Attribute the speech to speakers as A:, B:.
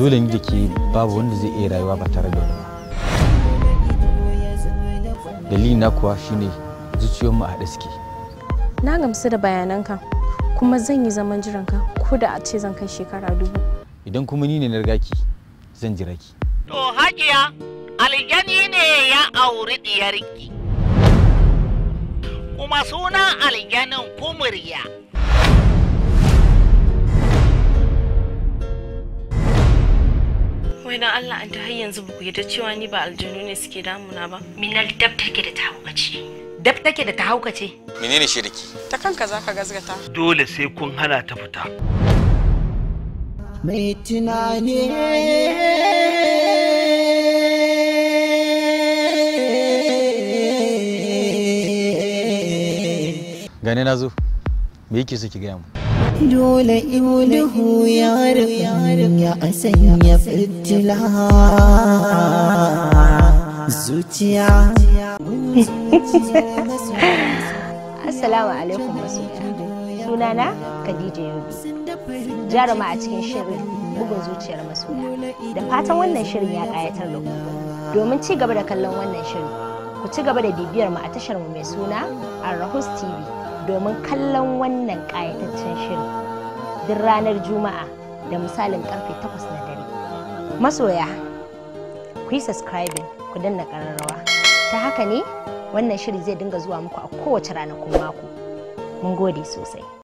A: dole ne da ke babu wanda zai iya rayuwa ba tare da wani ba na kuwa shine zuciyarmu a suke. na gamsu da bayananka kuma zan yi zaman jiranka ko da a ce zan kai shekara dubu idan kuma ni ne na riga ki zan jira ki to haƙiya aljani ne ya auri diyarki kuma suna aljanin kumurya wai idan Allah an ta har yanzu ba ku yadda cewa ni ba aljanu ne suke damuna ba minal dab take da ta haukace dab take da ta haukace menene shiriki ta kanka zaka gazgata dole sai kun hana ta fita mai tunani gane na zo me yake so ki gaya mu dole ya yarin ya sanya fitila zuciya assalamu alaikum sunana khadija Yobi, jaruma a cikin shirin bugun zuciyar masoya da fatan wannan shirin ya ƙayatar da ku domin ci gaba da kallon wannan shirin ku ci gaba da bibiyar mu a tashar mu mai suna arahus tv domin kallon wannan ƙayataccen shirin duk ranar juma'a da misalin karfe 8 na dare masoya ku yi subscribing ku danna ƙararrawa ta haka ne wannan shiri zai dinga zuwa muku a kowace ranakun mako mun gode sosai